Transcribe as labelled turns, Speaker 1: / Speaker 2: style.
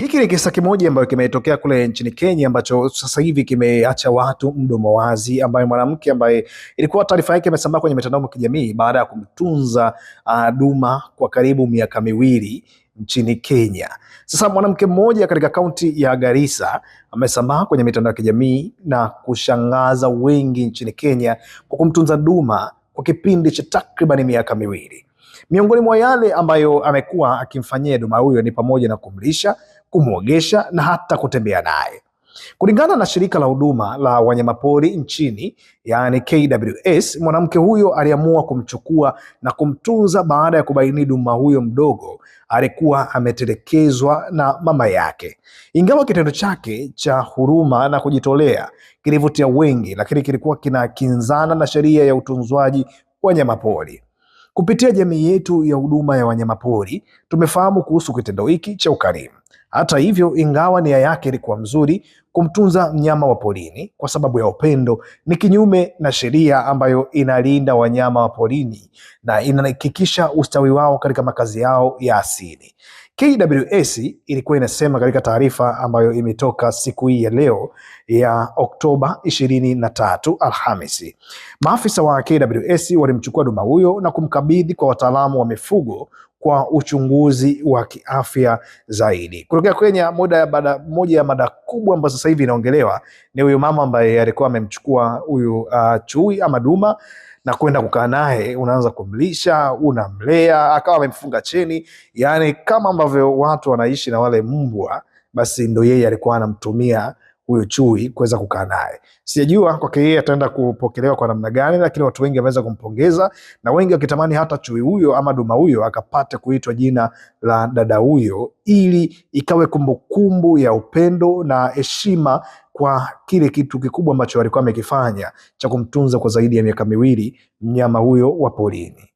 Speaker 1: Hiki ni kisa kimoja ambayo kimetokea kule nchini Kenya ambacho sasa hivi kimeacha watu mdomo wazi, ambaye mwanamke ambaye ilikuwa taarifa yake imesambaa kwenye mitandao ya kijamii baada ya kumtunza uh, duma kwa karibu miaka miwili nchini Kenya. Sasa mwanamke mmoja katika kaunti ya Garissa amesambaa kwenye mitandao ya kijamii na kushangaza wengi nchini Kenya kwa kumtunza duma kwa kipindi cha takribani miaka miwili. Miongoni mwa yale ambayo amekuwa akimfanyia duma huyo ni pamoja na kumlisha kumwogesha na hata kutembea naye. Kulingana na shirika la huduma la wanyamapori nchini, yaani KWS, mwanamke huyo aliamua kumchukua na kumtunza baada ya kubaini duma huyo mdogo alikuwa ametelekezwa na mama yake. Ingawa kitendo chake cha huruma na kujitolea kilivutia wengi, lakini kilikuwa kinakinzana na sheria ya utunzwaji wanyamapori. Kupitia jamii yetu ya huduma ya wanyamapori, tumefahamu kuhusu kitendo hiki cha ukarimu. Hata hivyo, ingawa nia yake ilikuwa mzuri, kumtunza mnyama wa porini kwa sababu ya upendo ni kinyume na sheria ambayo inalinda wanyama wa porini na inahakikisha ustawi wao katika makazi yao ya asili. KWS ilikuwa inasema katika taarifa ambayo imetoka siku hii ya leo ya Oktoba ishirini na tatu Alhamisi, maafisa wa KWS walimchukua duma huyo na kumkabidhi kwa wataalamu wa mifugo kwa uchunguzi wa kiafya zaidi. Kutokea Kenya, moja ya mada kubwa ambayo sasa hivi inaongelewa ni huyu mama ambaye alikuwa amemchukua huyu uh, chui ama duma na kwenda kukaa naye, unaanza kumlisha, unamlea, akawa amemfunga cheni yaani kama ambavyo watu wanaishi na wale mbwa, basi ndo yeye alikuwa anamtumia huyo chui kuweza kukaa naye. Sijajua kwake yeye ataenda kupokelewa kwa namna gani, lakini watu wengi wameweza kumpongeza na wengi wakitamani hata chui huyo ama duma huyo akapate kuitwa jina la dada huyo, ili ikawe kumbukumbu ya upendo na heshima kwa kile kitu kikubwa ambacho alikuwa amekifanya cha kumtunza kwa zaidi ya miaka miwili mnyama huyo wa porini.